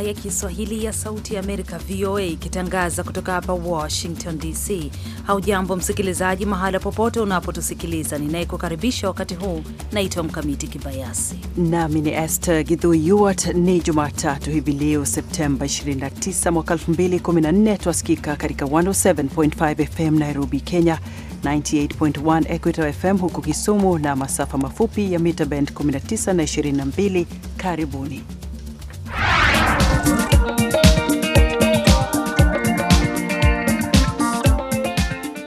idhaa ya Kiswahili ya Sauti ya Amerika, VOA, ikitangaza kutoka hapa Washington DC. Haujambo msikilizaji, mahala popote unapotusikiliza. Ninayekukaribisha wakati huu naitwa Mkamiti Kibayasi nami ni Esther Gidhui Ni Jumatatu hivi leo Septemba 29 mwaka 2014. Twasikika katika 107.5 FM Nairobi, Kenya, 98.1 Equator FM huku Kisumu na masafa mafupi ya mita bend 19 na 22. Karibuni.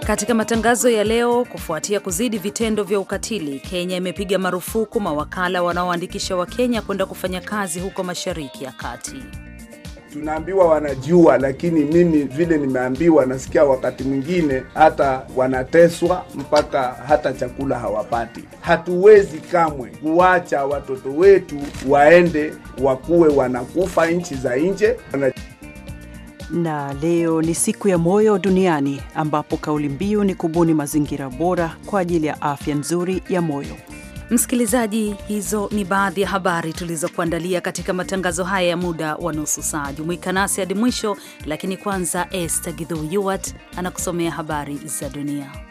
Katika matangazo ya leo, kufuatia kuzidi vitendo vya ukatili, Kenya imepiga marufuku mawakala wanaoandikisha Wakenya kwenda kufanya kazi huko Mashariki ya Kati tunaambiwa wanajua, lakini mimi vile nimeambiwa, nasikia wakati mwingine hata wanateswa mpaka hata chakula hawapati. Hatuwezi kamwe kuwacha watoto wetu waende wakuwe wanakufa nchi za nje wana na leo ni siku ya moyo duniani ambapo kauli mbiu ni kubuni mazingira bora kwa ajili ya afya nzuri ya moyo. Msikilizaji, hizo ni baadhi ya habari tulizokuandalia katika matangazo haya ya muda wa nusu saa. Jumuika nasi hadi mwisho, lakini kwanza, Esther Gidhu Yuwat anakusomea habari za dunia.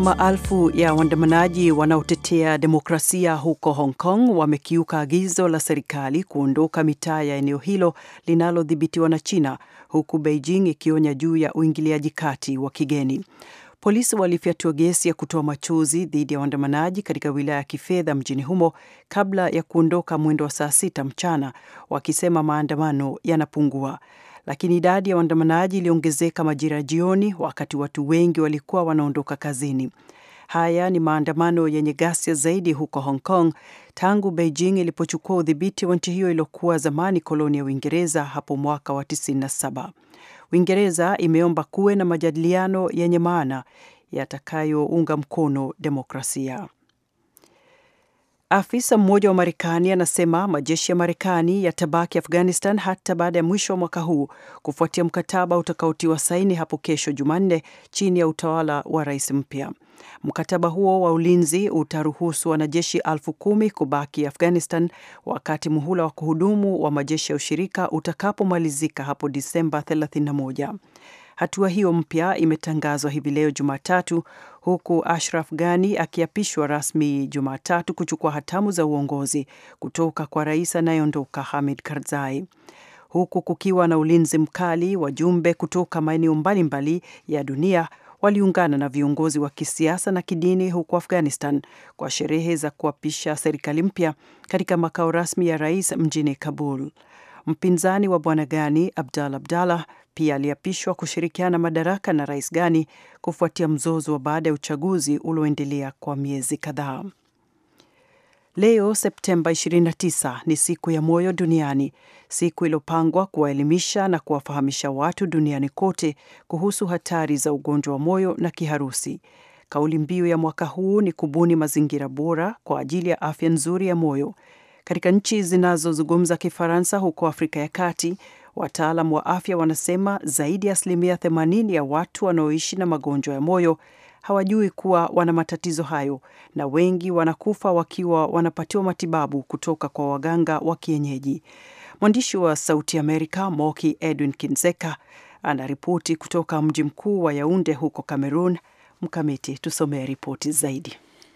Maelfu ya waandamanaji wanaotetea demokrasia huko Hong Kong wamekiuka agizo la serikali kuondoka mitaa ya eneo hilo linalodhibitiwa na China huku Beijing ikionya juu ya uingiliaji kati wa kigeni. Polisi walifyatua gesi ya kutoa machozi dhidi ya waandamanaji katika wilaya ya Kifedha mjini humo kabla ya kuondoka mwendo wa saa sita mchana wakisema maandamano yanapungua lakini idadi ya waandamanaji iliongezeka majira ya jioni, wakati watu wengi walikuwa wanaondoka kazini. Haya ni maandamano yenye ghasia zaidi huko Hong Kong tangu Beijing ilipochukua udhibiti wa nchi hiyo iliyokuwa zamani koloni ya Uingereza hapo mwaka wa 97. Uingereza imeomba kuwe na majadiliano yenye maana yatakayounga mkono demokrasia. Afisa mmoja wa Marekani anasema majeshi ya Marekani yatabaki Afghanistan hata baada ya mwisho wa mwaka huu kufuatia mkataba utakaotiwa saini hapo kesho Jumanne chini ya utawala wa rais mpya. Mkataba huo wa ulinzi utaruhusu wanajeshi elfu kumi kubaki Afghanistan wakati muhula wa kuhudumu wa majeshi ya ushirika utakapomalizika hapo Disemba 31. Hatua hiyo mpya imetangazwa hivi leo Jumatatu, huku Ashraf Ghani akiapishwa rasmi Jumatatu kuchukua hatamu za uongozi kutoka kwa rais anayeondoka Hamid Karzai, huku kukiwa na ulinzi mkali. Wajumbe kutoka maeneo mbalimbali ya dunia waliungana na viongozi wa kisiasa na kidini huko Afghanistan kwa sherehe za kuapisha serikali mpya katika makao rasmi ya rais mjini Kabul. Mpinzani wa Bwana Gani, Abdalla Abdalla, pia aliapishwa kushirikiana madaraka na Rais Gani kufuatia mzozo wa baada ya uchaguzi ulioendelea kwa miezi kadhaa. Leo Septemba 29 ni siku ya moyo duniani, siku iliyopangwa kuwaelimisha na kuwafahamisha watu duniani kote kuhusu hatari za ugonjwa wa moyo na kiharusi. Kauli mbiu ya mwaka huu ni kubuni mazingira bora kwa ajili ya afya nzuri ya moyo, katika nchi zinazozungumza Kifaransa huko Afrika ya Kati. Wataalam wa afya wanasema zaidi ya asilimia 80 ya watu wanaoishi na magonjwa ya moyo hawajui kuwa wana matatizo hayo, na wengi wanakufa wakiwa wanapatiwa matibabu kutoka kwa waganga wa kienyeji. Mwandishi wa Sauti Amerika Moki Edwin Kinzeka anaripoti kutoka mji mkuu wa Yaunde huko cameron Mkamiti, tusomee ripoti zaidi.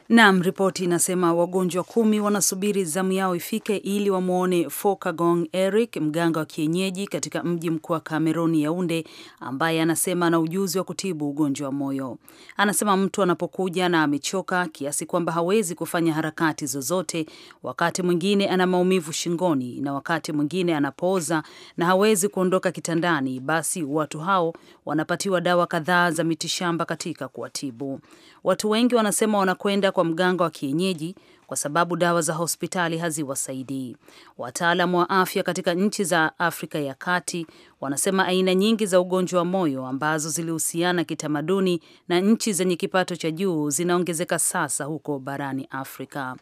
Nam, ripoti inasema wagonjwa kumi wanasubiri zamu yao ifike ili wamwone Fokagong Eric, mganga wa kienyeji katika mji mkuu wa Kameroni, Yaunde, ambaye anasema ana ujuzi wa kutibu ugonjwa wa moyo. Anasema mtu anapokuja na amechoka kiasi kwamba hawezi kufanya harakati zozote, wakati mwingine ana maumivu shingoni na wakati mwingine anapooza na hawezi kuondoka kitandani, basi watu hao wanapatiwa dawa kadhaa za mitishamba katika kuwatibu. Watu wengi wanasema wanakwenda kwa mganga wa kienyeji kwa sababu dawa za hospitali haziwasaidii. Wataalamu wa afya katika nchi za Afrika ya Kati wanasema aina nyingi za ugonjwa wa moyo ambazo zilihusiana kitamaduni na nchi zenye kipato cha juu zinaongezeka sasa huko barani Afrika.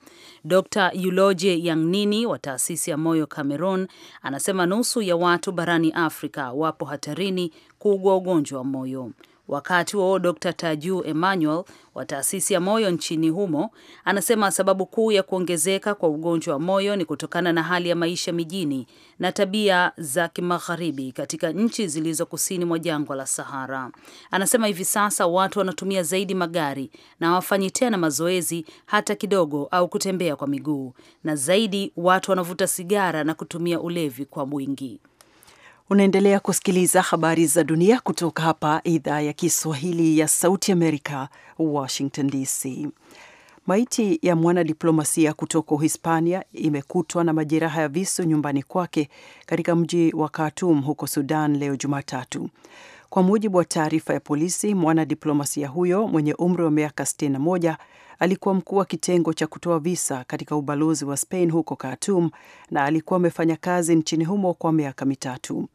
Dr yuloje Yangnini wa taasisi ya moyo Cameroon anasema nusu ya watu barani Afrika wapo hatarini kuugua ugonjwa wa moyo. Wakati huo Dr Taju Emmanuel wa taasisi ya moyo nchini humo anasema sababu kuu ya kuongezeka kwa ugonjwa wa moyo ni kutokana na hali ya maisha mijini na tabia za kimagharibi katika nchi zilizo kusini mwa jangwa la Sahara. Anasema hivi sasa watu wanatumia zaidi magari na hawafanyi tena mazoezi hata kidogo au kutembea kwa miguu, na zaidi watu wanavuta sigara na kutumia ulevi kwa wingi. Unaendelea kusikiliza habari za dunia kutoka hapa idhaa ya Kiswahili ya Sauti Amerika, Washington DC. Maiti ya mwanadiplomasia kutoka Uhispania imekutwa na majeraha ya visu nyumbani kwake katika mji wa khartum huko Sudan leo Jumatatu. Kwa mujibu wa taarifa ya polisi, mwanadiplomasia huyo mwenye umri wa miaka 61 alikuwa mkuu wa kitengo cha kutoa visa katika ubalozi wa Spain huko Khartoum na alikuwa amefanya kazi nchini humo kwa miaka mitatu.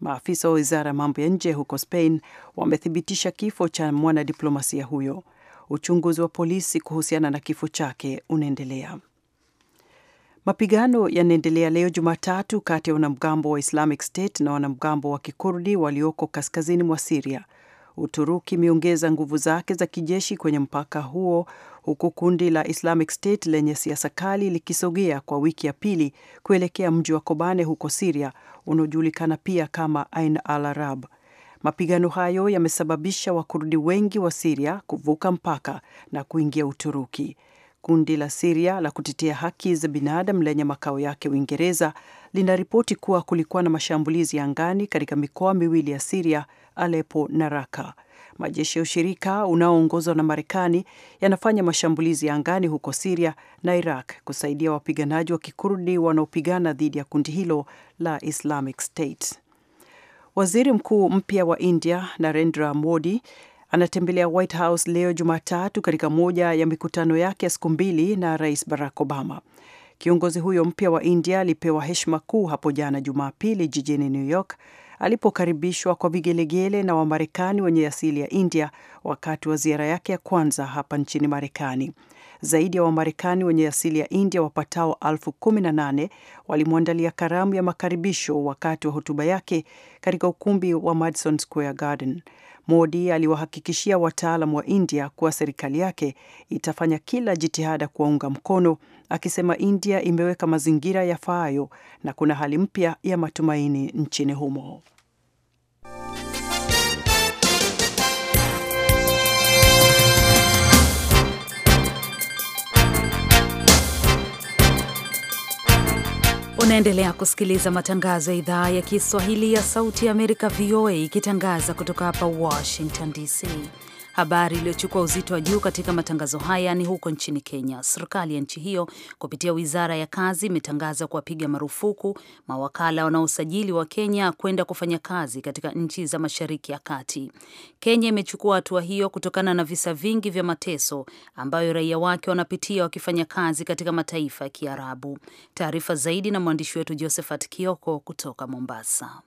Maafisa wa wizara ya mambo ya nje huko Spain wamethibitisha kifo cha mwanadiplomasia huyo. Uchunguzi wa polisi kuhusiana na kifo chake unaendelea. Mapigano yanaendelea leo Jumatatu kati ya wanamgambo wa Islamic State na wanamgambo wa Kikurdi walioko kaskazini mwa Siria. Uturuki imeongeza nguvu zake za kijeshi kwenye mpaka huo huku kundi la Islamic State lenye siasa kali likisogea kwa wiki ya pili kuelekea mji wa Kobane huko Siria unaojulikana pia kama Ain al Arab. Mapigano hayo yamesababisha Wakurdi wengi wa Siria kuvuka mpaka na kuingia Uturuki. Kundi la Siria la kutetea haki za binadamu lenye makao yake Uingereza linaripoti kuwa kulikuwa na mashambulizi ya angani katika mikoa miwili ya Siria, alepo na Raka. Majeshi ya ushirika unaoongozwa na Marekani yanafanya mashambulizi ya angani huko Siria na Iraq kusaidia wapiganaji wa Kikurdi wanaopigana dhidi ya kundi hilo la Islamic State. Waziri Mkuu mpya wa India Narendra Modi anatembelea White House leo Jumatatu katika moja ya mikutano yake ya siku mbili na Rais Barack Obama. Kiongozi huyo mpya wa India alipewa heshima kuu hapo jana Jumapili jijini New York alipokaribishwa kwa vigelegele na Wamarekani wenye asili ya India wakati wa ziara yake ya kwanza hapa nchini Marekani. Zaidi ya Wamarekani wenye asili ya India wapatao elfu kumi na nane walimwandalia karamu ya makaribisho wakati wa hotuba yake katika ukumbi wa Madison Square Garden. Modi aliwahakikishia wataalam wa India kuwa serikali yake itafanya kila jitihada kuwaunga mkono, akisema India imeweka mazingira yafaayo na kuna hali mpya ya matumaini nchini humo. Unaendelea kusikiliza matangazo ya idhaa ya Kiswahili ya Sauti ya Amerika, VOA, ikitangaza kutoka hapa Washington DC. Habari iliyochukua uzito wa juu katika matangazo haya ni huko nchini Kenya. Serikali ya nchi hiyo kupitia wizara ya kazi imetangaza kuwapiga marufuku mawakala wanaosajili wa Kenya kwenda kufanya kazi katika nchi za mashariki ya kati. Kenya imechukua hatua hiyo kutokana na visa vingi vya mateso ambayo raia wake wanapitia wakifanya kazi katika mataifa ya Kiarabu. Taarifa zaidi na mwandishi wetu Josephat Kioko kutoka Mombasa.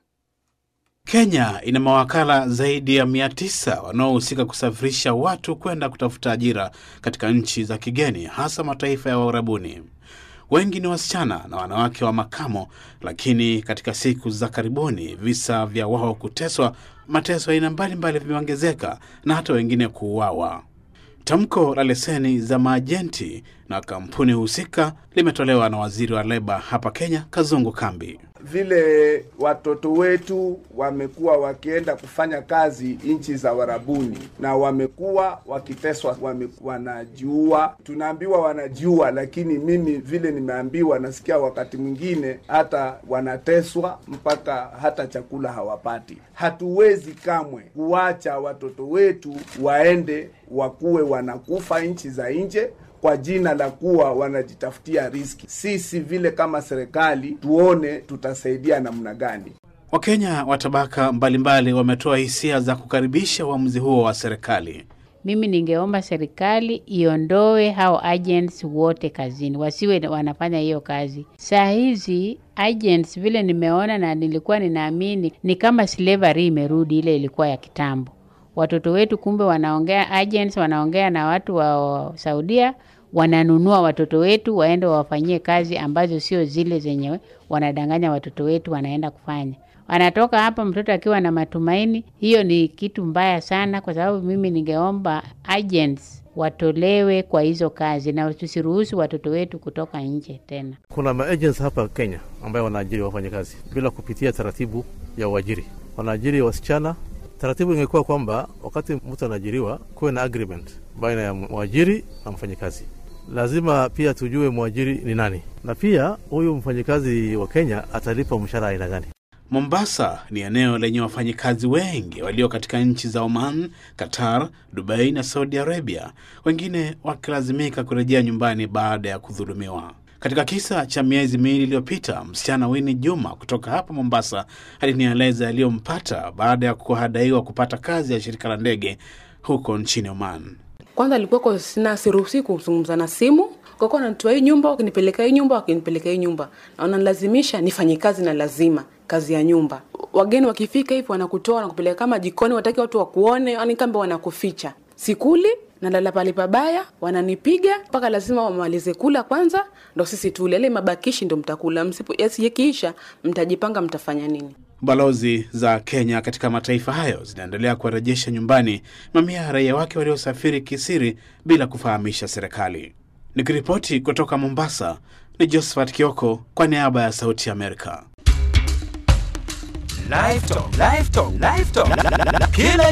Kenya ina mawakala zaidi ya tisa wanaohusika kusafirisha watu kwenda kutafuta ajira katika nchi za kigeni, hasa mataifa ya Uarabuni. Wengi ni wasichana na wanawake wa makamo, lakini katika siku za karibuni visa vya wao kuteswa, mateso aina mbalimbali vimeongezeka na hata wengine kuuawa. Tamko la leseni za maajenti na kampuni husika limetolewa na waziri wa leba hapa Kenya, Kazungu Kambi vile watoto wetu wamekuwa wakienda kufanya kazi nchi za warabuni na wamekuwa wakiteswa, wanajua Tunaambiwa wanajua lakini mimi vile nimeambiwa, nasikia wakati mwingine hata wanateswa mpaka hata chakula hawapati. Hatuwezi kamwe kuwacha watoto wetu waende wakuwe wanakufa nchi za nje kwa jina la kuwa wanajitafutia riski. Sisi vile kama serikali tuone tutasaidia namna gani. Wakenya wa tabaka mbalimbali wametoa hisia za kukaribisha uamuzi huo wa serikali. Mimi ningeomba serikali iondoe hao agents wote kazini, wasiwe wanafanya hiyo kazi. Saa hizi agents vile nimeona na nilikuwa ninaamini ni kama slavery imerudi, ile ilikuwa ya kitambo watoto wetu kumbe wanaongea agents, wanaongea na watu wa Saudia, wananunua watoto wetu waende wawafanyie kazi ambazo sio zile zenye wanadanganya watoto wetu wanaenda kufanya. Anatoka hapa mtoto akiwa na matumaini. Hiyo ni kitu mbaya sana, kwa sababu mimi ningeomba agents watolewe kwa hizo kazi na tusiruhusu watoto wetu kutoka nje tena. Kuna maagents hapa Kenya ambayo wanaajiri wafanya kazi bila kupitia taratibu ya uajiri, wanaajiri wasichana Taratibu ingekuwa kwamba wakati mtu anaajiriwa kuwe na agreement baina ya mwajiri na mfanyikazi. Lazima pia tujue mwajiri ni nani, na pia huyu mfanyikazi wa Kenya atalipa mshara aina gani. Mombasa ni eneo lenye wafanyikazi wengi walio katika nchi za Oman, Qatar, Dubai na Saudi Arabia, wengine wakilazimika kurejea nyumbani baada ya kudhulumiwa. Katika kisa cha miezi miwili iliyopita, msichana wini Juma kutoka hapa Mombasa alinieleza yaliyompata baada ya kuhadaiwa kupata kazi ya shirika la ndege huko nchini Oman. Kwanza alikuwako sina siruhusi kuzungumza na simu kakuwa nanitoa hii nyumba wakinipeleka hii nyumba wakinipeleka hii nyumba, na wananilazimisha nifanye kazi na lazima kazi ya nyumba. Wageni wakifika hivi wanakutoa wanakupeleka kama jikoni, wataki watu wakuone, yani wanakuficha sikuli nalala pale pabaya, wananipiga mpaka lazima wamalize kula kwanza ndo sisi tule, ale yaani mabakishi ndo mtakula, msipo yaani mtajipanga mtafanya nini. Balozi za Kenya katika mataifa hayo zinaendelea kuwarejesha nyumbani mamia ya raia wake waliosafiri kisiri bila kufahamisha serikali. Nikiripoti kutoka Mombasa ni Josephat Kioko kwa niaba ya Sauti Amerika. Kila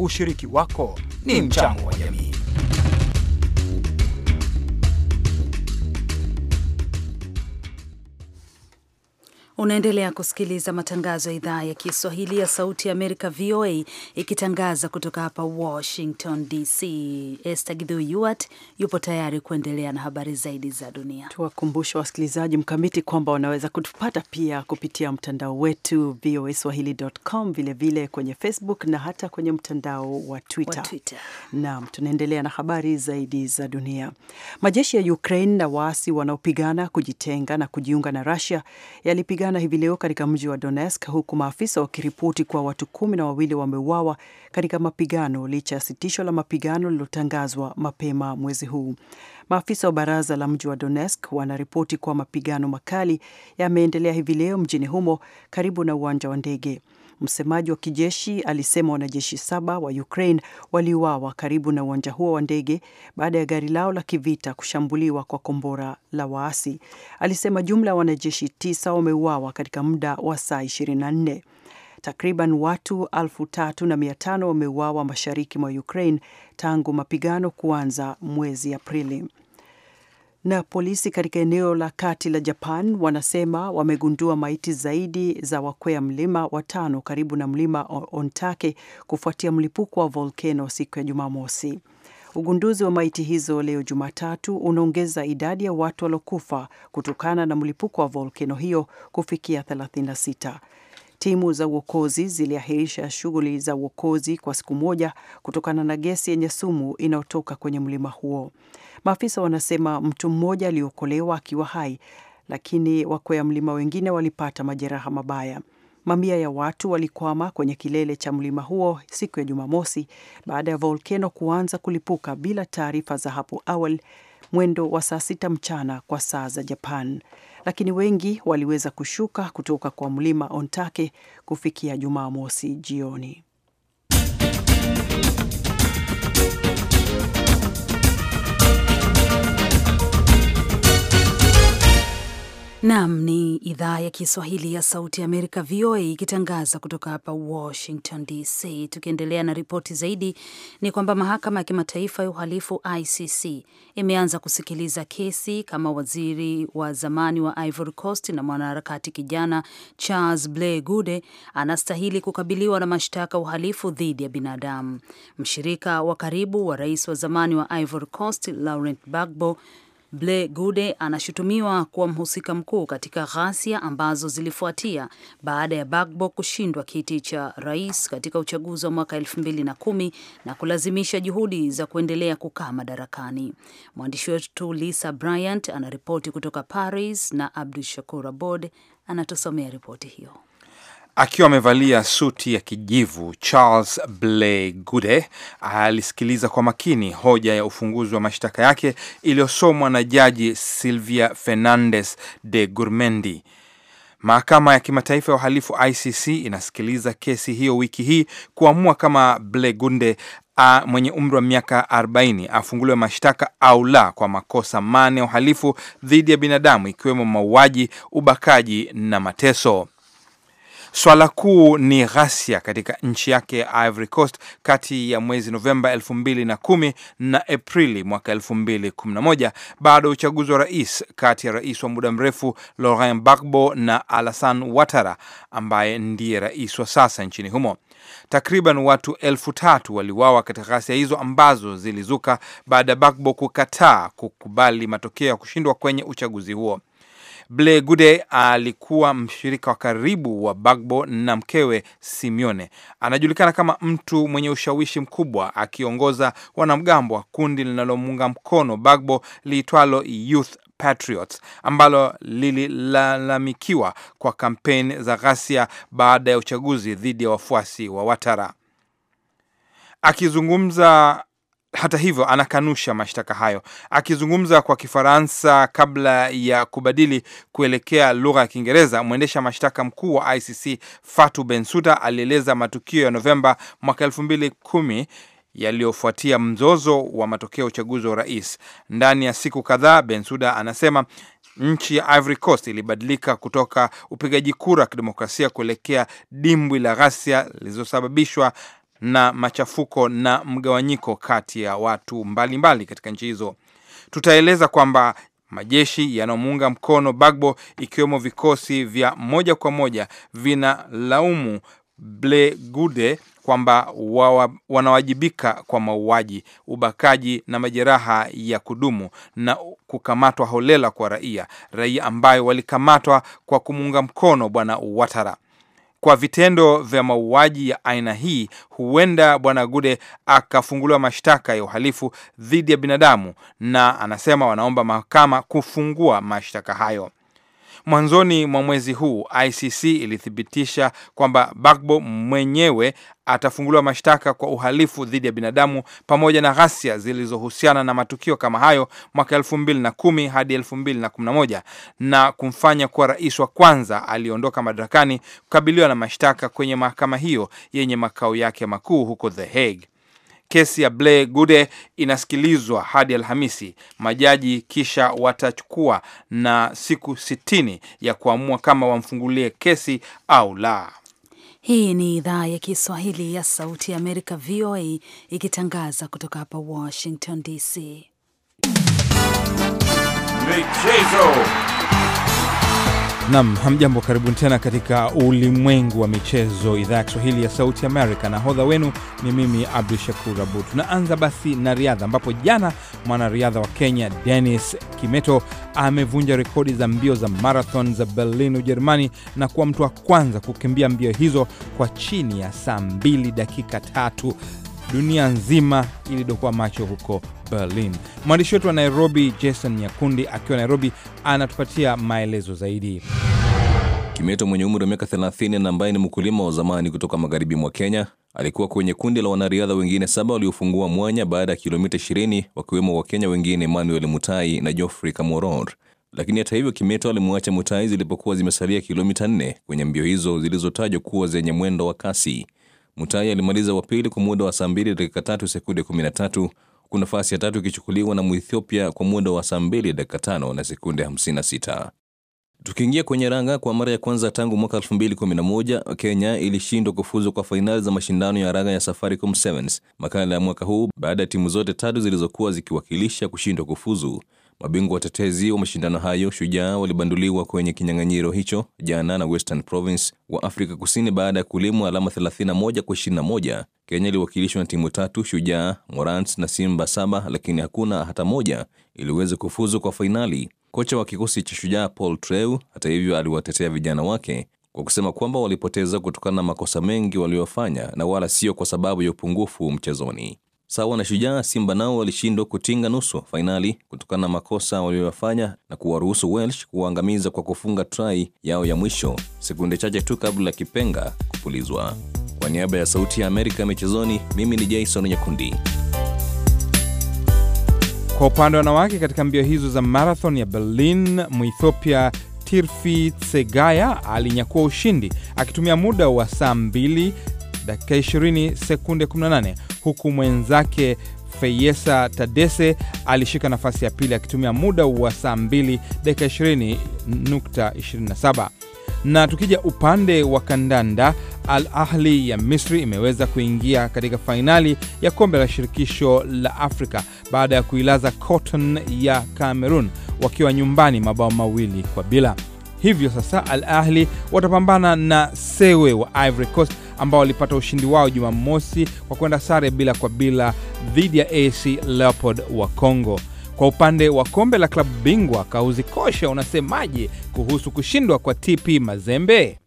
Ushiriki wako ni mchango wa jamii. Unaendelea kusikiliza matangazo ya idhaa ya Kiswahili ya Sauti ya Amerika, VOA, ikitangaza kutoka hapa Washington DC. Esther Gidhu yupo tayari kuendelea na habari zaidi za dunia. Tuwakumbusha wasikilizaji mkamiti kwamba wanaweza kutupata pia kupitia mtandao wetu VOA swahili.com, vilevile kwenye Facebook na hata kwenye mtandao wa Twitter, wa Twitter. Naam, tunaendelea na habari zaidi za dunia. Majeshi ya Ukraine na waasi wanaopigana kujitenga na kujiunga na Rusia yalipigana jana hivi leo katika mji wa Donetsk, huku maafisa wakiripoti kuwa watu kumi na wawili wameuawa katika mapigano licha ya sitisho la mapigano lililotangazwa mapema mwezi huu. Maafisa wa baraza la mji wa Donetsk wanaripoti kuwa mapigano makali yameendelea hivi leo mjini humo karibu na uwanja wa ndege. Msemaji wa kijeshi alisema wanajeshi saba wa Ukraine waliuawa karibu na uwanja huo wa ndege baada ya gari lao la kivita kushambuliwa kwa kombora la waasi. Alisema jumla ya wanajeshi tisa wameuawa katika muda wa saa 24. Takriban watu elfu tatu na mia tano wameuawa mashariki mwa Ukraine tangu mapigano kuanza mwezi Aprili. Na polisi katika eneo la kati la Japan wanasema wamegundua maiti zaidi za wakwea mlima watano karibu na mlima Ontake kufuatia mlipuko wa volkeno siku ya Jumamosi. Ugunduzi wa maiti hizo leo Jumatatu unaongeza idadi ya watu waliokufa kutokana na mlipuko wa volkeno hiyo kufikia 36. Timu za uokozi ziliahirisha shughuli za uokozi kwa siku moja kutokana na gesi yenye sumu inayotoka kwenye mlima huo. Maafisa wanasema mtu mmoja aliokolewa akiwa hai, lakini wakwea mlima wengine walipata majeraha mabaya. Mamia ya watu walikwama kwenye kilele cha mlima huo siku ya Jumamosi baada ya volkeno kuanza kulipuka bila taarifa za hapo awali mwendo wa saa sita mchana kwa saa za Japan, lakini wengi waliweza kushuka kutoka kwa mlima Ontake kufikia Jumamosi jioni. Nam ni idhaa ya Kiswahili ya Sauti ya Amerika, VOA, ikitangaza kutoka hapa Washington DC. Tukiendelea na ripoti zaidi, ni kwamba mahakama ya kimataifa ya uhalifu ICC imeanza kusikiliza kesi kama waziri wa zamani wa Ivory Coast na mwanaharakati kijana Charles blay Gude anastahili kukabiliwa na mashtaka ya uhalifu dhidi ya binadamu. Mshirika wa karibu wa rais wa zamani wa Ivory Coast Laurent Gbagbo Ble Gude anashutumiwa kuwa mhusika mkuu katika ghasia ambazo zilifuatia baada ya Bagbo kushindwa kiti cha rais katika uchaguzi wa mwaka kumi na kulazimisha juhudi za kuendelea kukaa madarakani. Mwandishi wetu Lisa Bryant anaripoti kutoka Paris na Abdu Shakur Abod anatusomea ripoti hiyo. Akiwa amevalia suti ya kijivu, Charles Blay Gude alisikiliza kwa makini hoja ya ufunguzi wa mashtaka yake iliyosomwa na jaji Silvia Fernandez de Gurmendi. Mahakama ya Kimataifa ya Uhalifu ICC inasikiliza kesi hiyo wiki hii kuamua kama Blay Gude a mwenye umri wa miaka 40 afunguliwe mashtaka au la kwa makosa mane ya uhalifu dhidi ya binadamu ikiwemo mauaji, ubakaji na mateso. Swala kuu ni ghasia katika nchi yake ya Ivory Coast kati ya mwezi Novemba 2010 na Aprili mwaka 2011, baada ya uchaguzi wa rais kati ya rais wa muda mrefu Laurent Gbagbo na Alassane Ouattara ambaye ndiye rais wa sasa nchini humo. Takriban watu elfu tatu waliuawa katika ghasia hizo ambazo zilizuka baada ya Gbagbo kukataa kukubali matokeo ya kushindwa kwenye uchaguzi huo. Ble Gude alikuwa mshirika wa karibu wa Bagbo na mkewe Simione. Anajulikana kama mtu mwenye ushawishi mkubwa, akiongoza wanamgambo wa kundi linalomuunga mkono Bagbo liitwalo Youth Patriots ambalo lililalamikiwa kwa kampeni za ghasia baada ya uchaguzi dhidi ya wafuasi wa Watara. Akizungumza hata hivyo anakanusha mashtaka hayo. Akizungumza kwa Kifaransa kabla ya kubadili kuelekea lugha ya Kiingereza, mwendesha mashtaka mkuu wa ICC Fatu Bensuda alieleza matukio ya Novemba mwaka elfu mbili kumi yaliyofuatia mzozo wa matokeo ya uchaguzi wa rais. Ndani ya siku kadhaa, Bensuda anasema nchi ya Ivory Coast ilibadilika kutoka upigaji kura wa kidemokrasia kuelekea dimbwi la ghasia lilizosababishwa na machafuko na mgawanyiko kati ya watu mbalimbali mbali katika nchi hizo. Tutaeleza kwamba majeshi yanayomuunga mkono Bagbo ikiwemo vikosi vya moja kwa moja vinalaumu Blegude kwamba wanawajibika kwa mauaji, ubakaji na majeraha ya kudumu na kukamatwa holela kwa raia, raia ambayo walikamatwa kwa kumuunga mkono bwana Watara kwa vitendo vya mauaji ya aina hii, huenda Bwana Gude akafunguliwa mashtaka ya uhalifu dhidi ya binadamu, na anasema wanaomba mahakama kufungua mashtaka hayo. Mwanzoni mwa mwezi huu ICC ilithibitisha kwamba Bagbo mwenyewe atafunguliwa mashtaka kwa uhalifu dhidi ya binadamu pamoja na ghasia zilizohusiana na matukio kama hayo mwaka kumi hadi moja na kumfanya kuwa rais wa kwanza aliyeondoka madarakani kukabiliwa na mashtaka kwenye mahakama hiyo yenye makao yake makuu huko The Hague. Kesi ya Blay Gude inasikilizwa hadi Alhamisi. Majaji kisha watachukua na siku sitini ya kuamua kama wamfungulie kesi au la. Hii ni idhaa ya Kiswahili ya Sauti ya Amerika, VOA, ikitangaza kutoka hapa Washington DC. Michezo. Nam, hamjambo, karibuni tena katika ulimwengu wa michezo, idhaa ya Kiswahili ya Sauti Amerika. Nahodha wenu ni mimi Abdu Shakur Abud. Tunaanza basi na riadha, ambapo jana mwanariadha wa Kenya Dennis Kimeto amevunja rekodi za mbio za marathon za Berlin, Ujerumani, na kuwa mtu wa kwanza kukimbia mbio hizo kwa chini ya saa 2 dakika tatu dunia nzima ilidokwa macho huko Berlin. Mwandishi wetu wa Nairobi, Jason Nyakundi, akiwa Nairobi, anatupatia maelezo zaidi. Kimeto mwenye umri wa miaka 30 na ambaye ni mkulima wa zamani kutoka magharibi mwa Kenya alikuwa kwenye kundi la wanariadha wengine saba waliofungua mwanya baada ya kilomita 20 wakiwemo Wakenya wengine Emmanuel Mutai na joffrey Kamworor. Lakini hata hivyo, Kimeto alimwacha Mutai zilipokuwa zimesalia kilomita 4 kwenye mbio hizo zilizotajwa kuwa zenye mwendo wa kasi. Mutai alimaliza wa pili kwa muda wa saa 2 dakika tatu sekunde 13 huku nafasi ya tatu ikichukuliwa na Muethiopia kwa muda wa saa 2 dakika 5 na sekunde 56. Tukiingia kwenye ranga kwa mara ya kwanza tangu mwaka 2011, Kenya ilishindwa kufuzu kwa fainali za mashindano ya raga ya Safaricom Sevens makala ya mwaka huu baada ya timu zote tatu zilizokuwa zikiwakilisha kushindwa kufuzu. Mabingwa watetezi wa mashindano hayo Shujaa walibanduliwa kwenye kinyang'anyiro hicho jana na Western Province wa Afrika Kusini baada ya kulimwa alama 31 kwa 21. Kenya iliwakilishwa na timu tatu Shujaa, Morans na Simba Saba, lakini hakuna hata moja iliweza kufuzu kwa fainali. Kocha wa kikosi cha Shujaa Paul Treu hata hivyo aliwatetea vijana wake kwa kusema kwamba walipoteza kutokana na makosa mengi waliofanya na wala sio kwa sababu ya upungufu mchezoni. Sawa na Shujaa, Simba nao walishindwa kutinga nusu fainali kutokana na makosa walioyafanya na kuwaruhusu Welsh kuwaangamiza kwa kufunga trai yao ya mwisho sekunde chache tu kabla ya kipenga kupulizwa. Kwa niaba ya Sauti ya Amerika michezoni, mimi ni Jason Nyakundi. Kwa upande wa wanawake katika mbio hizo za marathon ya Berlin, Muethiopia Tirfi Tsegaya alinyakua ushindi akitumia muda wa saa 2 dakika 20 sekunde 18 huku mwenzake Feyesa Tadese alishika nafasi ya pili akitumia muda wa saa 2 dakika 20.27. Na tukija upande wa kandanda, Al Ahli ya Misri imeweza kuingia katika fainali ya kombe la shirikisho la Afrika baada ya kuilaza Cotton ya Cameroon wakiwa nyumbani mabao mawili kwa bila. Hivyo sasa Al Ahli watapambana na Sewe wa Ivory Coast ambao walipata ushindi wao Jumamosi kwa kwenda sare bila kwa bila dhidi ya AC Leopold wa Congo. Kwa upande wa kombe la klabu bingwa, Kauzi Kosha, unasemaje kuhusu kushindwa kwa TP Mazembe?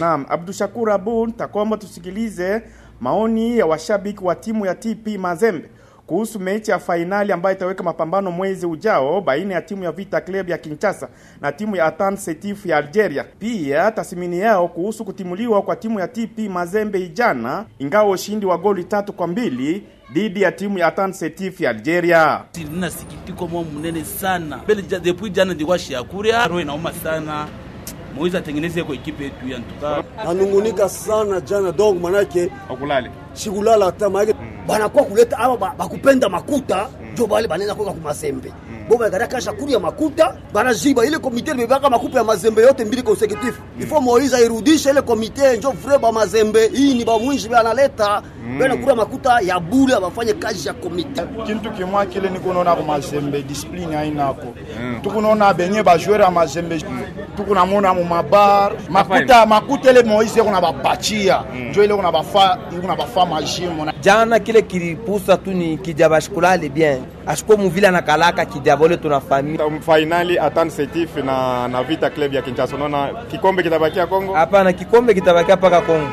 Naam, shakur abu Takomba, tusikilize maoni ya washabiki wa timu ya TP Mazembe kuhusu mechi ya fainali ambayo itaweka mapambano mwezi ujao baina ya timu ya Vita Club ya Kinshasa na timu ya Atan Setif ya Algeria, pia tathmini yao kuhusu kutimuliwa kwa timu ya TP Mazembe ijana, ingawa ushindi wa goli tatu kwa mbili dhidi ya timu ya Atan Setif ya Algeria. Nina sikitiko mwa mnene sana mbele depuis jana, ndikuwa shiakuria roho inauma sana Moiza tengeneze kwa ekipe yetu ya ntuka. Nanungunika sana jana dog manake. Okulale. Shikulala hata Mm banakuwa kuleta awa bakupenda makuta mm. jo bale banenda kuweka kumasembe bo bayakaka shakuru ya makuta banaziba ile komite libebaka makupa ya mazembe yote mbili consecutif mm. ifo moise airudishe ile komite njo vrai bamazembe ini bamwinji banaleta mm. benakura makuta ya bule abafanye kazi ya komite kintu kimwa kile nikunaona kumazembe discipline ainako mm. tukunaona benye bajoueur ya mazembe tukunamona mu mabar makuta makuta ele moise ekona bapatia njo ile ekona bafa majimu jana kile kilipusa tu ni kijabashikulale bien asiko muvile anakalaka kidiavole tuna famili um, fainali atan setif na, na vita club ya Kinshasa. Unaona kikombe kitabakia Kongo? Hapana, kikombe kitabakia paka Kongo.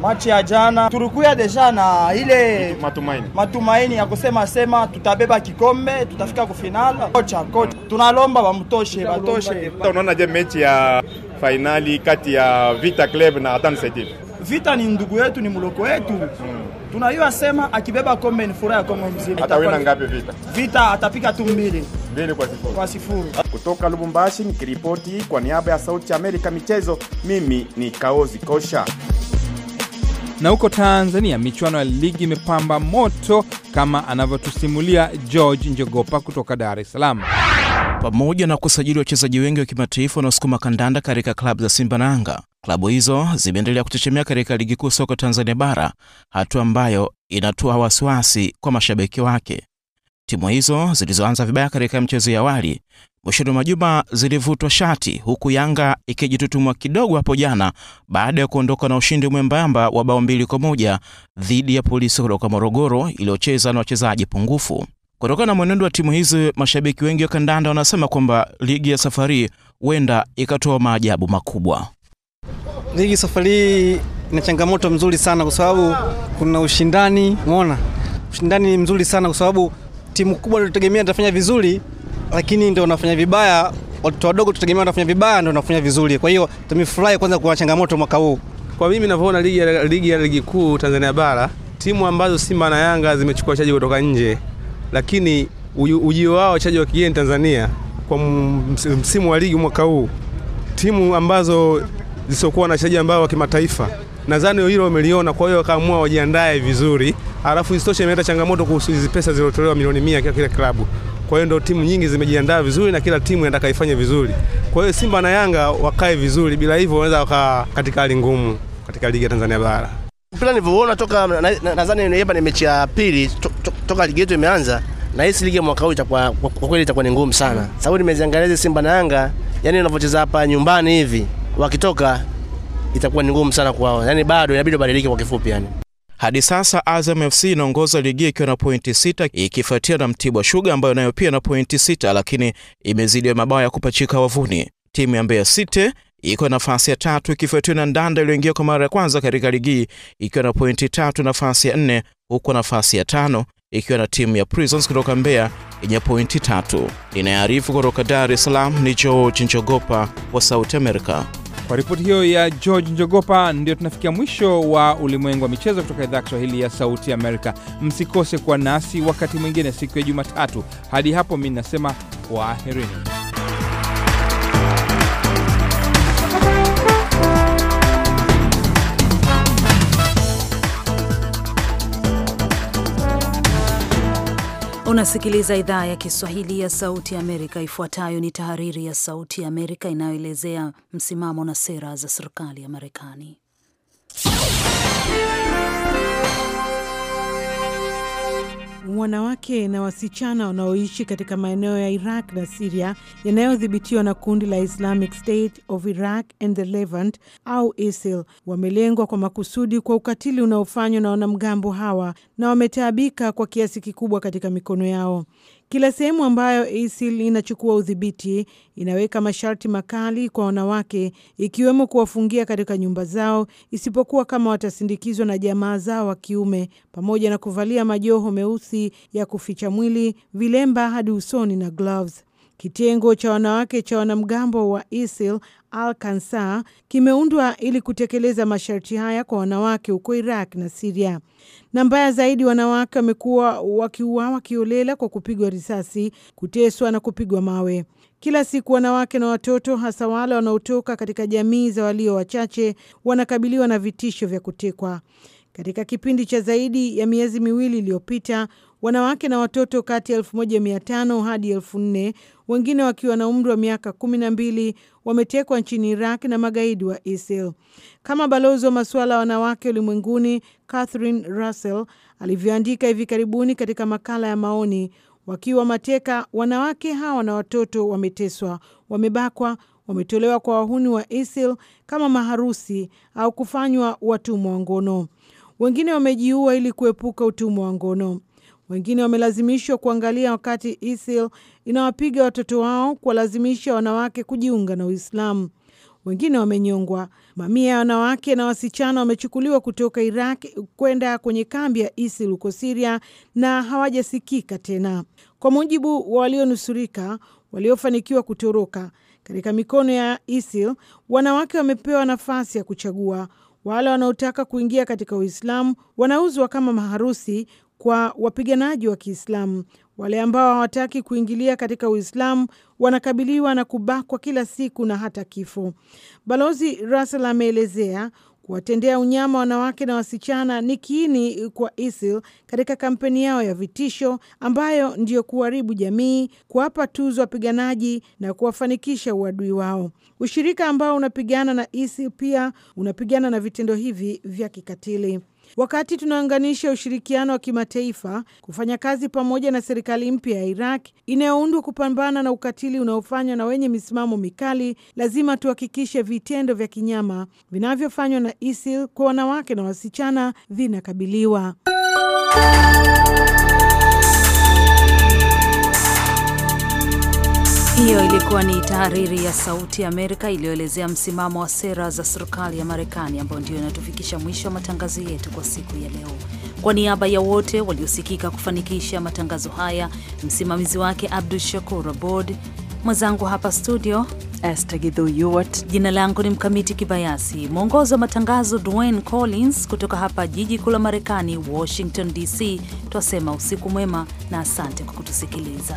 Machi ya jana turukuya deja na ile matumaini, matumaini ya kusema sema tutabeba kikombe, tutafika kufinala. Kocha kocha tunalomba bamutoshe, batoshe. Unaona je mechi ya fainali kati ya Vita Club na atan Setif? Vita ni ndugu yetu, ni muloko wetu hmm tunayua sema akibeba kombe ni furaha ya Kongo mzima. Atawina ngapi vita? Vita atapika tu mbili mbili kwa sifuri kwa sifuri. Kutoka Lubumbashi nikiripoti kwa niaba ya Sauti ya Amerika michezo, mimi ni Kaozi Kosha. Na huko Tanzania michuano ya ligi imepamba moto kama anavyotusimulia George Njogopa kutoka Dar es Salaam. Pamoja na kusajili wachezaji wengi wa kimataifa wanaosukuma kandanda katika klabu za Simba na Yanga, klabu hizo zimeendelea kuchechemea katika ligi kuu soka Tanzania bara, hatua ambayo inatoa wasiwasi kwa mashabiki wake. Timu hizo zilizoanza vibaya katika mchezo ya awali mwishoni mwa juma zilivutwa shati, huku Yanga ikijitutumwa kidogo hapo jana baada ya kuondoka na ushindi mwembamba wa bao mbili kwa moja dhidi ya Polisi kutoka Morogoro iliyocheza na wachezaji pungufu. Kutokana na mwenendo wa timu hizi, mashabiki wengi wa kandanda wanasema kwamba ligi ya safari huenda ikatoa maajabu makubwa. Ligi safari ina changamoto mzuri sana, kwa sababu kuna ushindani. Umeona, ushindani ni mzuri sana, kwa sababu timu kubwa tulitegemea itafanya vizuri, lakini ndio wanafanya vibaya. Watoto wadogo tutegemea wanafanya vibaya, ndio wanafanya vizuri. Kwa hiyo tumefurahi kwanza kwa changamoto mwaka huu. Kwa mimi ninavyoona, ligi ya ligi kuu Tanzania bara, timu ambazo Simba na Yanga zimechukua chaji kutoka nje lakini ujio wao wachezaji wa kigeni Tanzania kwa msimu wa ligi mwaka huu, timu ambazo zisizokuwa na wachezaji ambao wa kimataifa, nadhani hilo wameliona, kwa hiyo wakaamua wajiandae vizuri. Alafu isitoshe imeleta changamoto kuhusu hizi pesa zilizotolewa milioni mia kila kila klabu. Kwa hiyo ndio timu nyingi zimejiandaa vizuri na kila timu inataka ifanye vizuri. Kwa hiyo Simba na Yanga wakae vizuri, bila hivyo wanaweza waka katika hali ngumu katika ligi ya Tanzania bara. Mpira nilivyoona toka nadhani na, na, na, na, na, na, na, na, ni mechi ya pili to, toka ligi yetu imeanza na hii ligi mwaka huu itakuwa kwa kweli itakuwa ni ngumu sana, sababu nimeziangalia Simba na Yanga, yani wanavyocheza hapa nyumbani hivi, wakitoka itakuwa ni ngumu sana kwao, Yaani bado inabidi wabadilike, kwa kifupi yani. Hadi sasa Azam FC inaongoza ligi ikiwa na pointi sita ikifuatia na Mtibwa Sugar ambayo nayo pia na pointi sita lakini imezidiwa mabao ya kupachika wavuni. Timu ya Mbeya City iko nafasi ya tatu ikifuatiwa na Ndanda iliyoingia kwa mara ya kwanza katika ligi ikiwa na pointi tatu, nafasi ya nne huko nafasi ya tano ikiwa na timu ya Prisons kutoka Mbeya yenye pointi tatu. Inayoarifu kutoka Dar es Salaam ni George Njogopa wa South America. Kwa ripoti hiyo ya George Njogopa, ndio tunafikia mwisho wa ulimwengu wa michezo kutoka idhaa ya Kiswahili ya Sauti Amerika. Msikose kuwa nasi wakati mwingine siku ya Jumatatu. Hadi hapo mi nasema kwaherini. Unasikiliza idhaa ya Kiswahili ya Sauti ya Amerika. Ifuatayo ni tahariri ya Sauti ya Amerika inayoelezea msimamo na sera za serikali ya Marekani. wanawake na wasichana wanaoishi katika maeneo ya Iraq na Siria yanayodhibitiwa na kundi la Islamic State of Iraq and the Levant au ISIL wamelengwa kwa makusudi kwa ukatili unaofanywa na wanamgambo hawa na wametaabika kwa kiasi kikubwa katika mikono yao. Kila sehemu ambayo ISIL inachukua udhibiti inaweka masharti makali kwa wanawake, ikiwemo kuwafungia katika nyumba zao, isipokuwa kama watasindikizwa na jamaa zao wa kiume, pamoja na kuvalia majoho meusi ya kuficha mwili, vilemba hadi usoni na gloves. Kitengo cha wanawake cha wanamgambo wa ISIL al kansa kimeundwa ili kutekeleza masharti haya kwa wanawake huko Iraq na Siria. Na mbaya zaidi, wanawake wamekuwa wakiuawa kiolela kwa kupigwa risasi, kuteswa na kupigwa mawe. Kila siku wanawake na watoto, hasa wale wanaotoka katika jamii za walio wachache, wanakabiliwa na vitisho vya kutekwa. Katika kipindi cha zaidi ya miezi miwili iliyopita wanawake na watoto kati ya tano hadi nne wengine wakiwa na umri wa miaka mbili wametekwa nchini Iraq na magaidi wa ISIL. Kama balozi wa masuala ya wanawake ulimwenguni Catherine Russell alivyoandika hivi karibuni katika makala ya maoni, wakiwa mateka, wanawake hawa na watoto wameteswa, wamebakwa, wametolewa kwa wahuni wa ISIL kama maharusi au kufanywa watumwa wa ngono. Wengine wamejiua ili kuepuka utumwa wa ngono. Wengine wamelazimishwa kuangalia wakati ISIL inawapiga watoto wao, kuwalazimisha wanawake kujiunga na Uislamu. Wengine wamenyongwa. Mamia ya wanawake na wasichana wamechukuliwa kutoka Iraq kwenda kwenye kambi ya ISIL huko Siria na hawajasikika tena, kwa mujibu wa walionusurika waliofanikiwa kutoroka katika mikono ya ISIL. Wanawake wamepewa nafasi ya kuchagua. Wale wanaotaka kuingia katika Uislamu wanauzwa kama maharusi kwa wapiganaji wa Kiislamu. Wale ambao hawataki kuingilia katika Uislamu wanakabiliwa na kubakwa kila siku na hata kifo. Balozi Russell ameelezea kuwatendea unyama wanawake na wasichana ni kiini kwa ISIL katika kampeni yao ya vitisho ambayo ndiyo kuharibu jamii, kuwapa tuzo wapiganaji na kuwafanikisha uadui wao. Ushirika ambao unapigana na ISIL pia unapigana na vitendo hivi vya kikatili. Wakati tunaunganisha ushirikiano wa kimataifa kufanya kazi pamoja na serikali mpya ya Iraq inayoundwa kupambana na ukatili unaofanywa na wenye misimamo mikali, lazima tuhakikishe vitendo vya kinyama vinavyofanywa na ISIL kwa wanawake na wasichana vinakabiliwa. Hiyo ilikuwa ni tahariri ya Sauti ya Amerika iliyoelezea msimamo wa sera za serikali ya Marekani, ambayo ndio inatufikisha mwisho wa matangazo yetu kwa siku ya leo. Kwa niaba ya wote waliosikika kufanikisha matangazo haya, msimamizi wake Abdu Shakur Abod, mwenzangu hapa studio Estegidhyuat, jina langu ni Mkamiti Kibayasi, mwongozi wa matangazo Dwayne Collins, kutoka hapa jiji kuu la Marekani, Washington DC. Twasema usiku mwema na asante kwa kutusikiliza.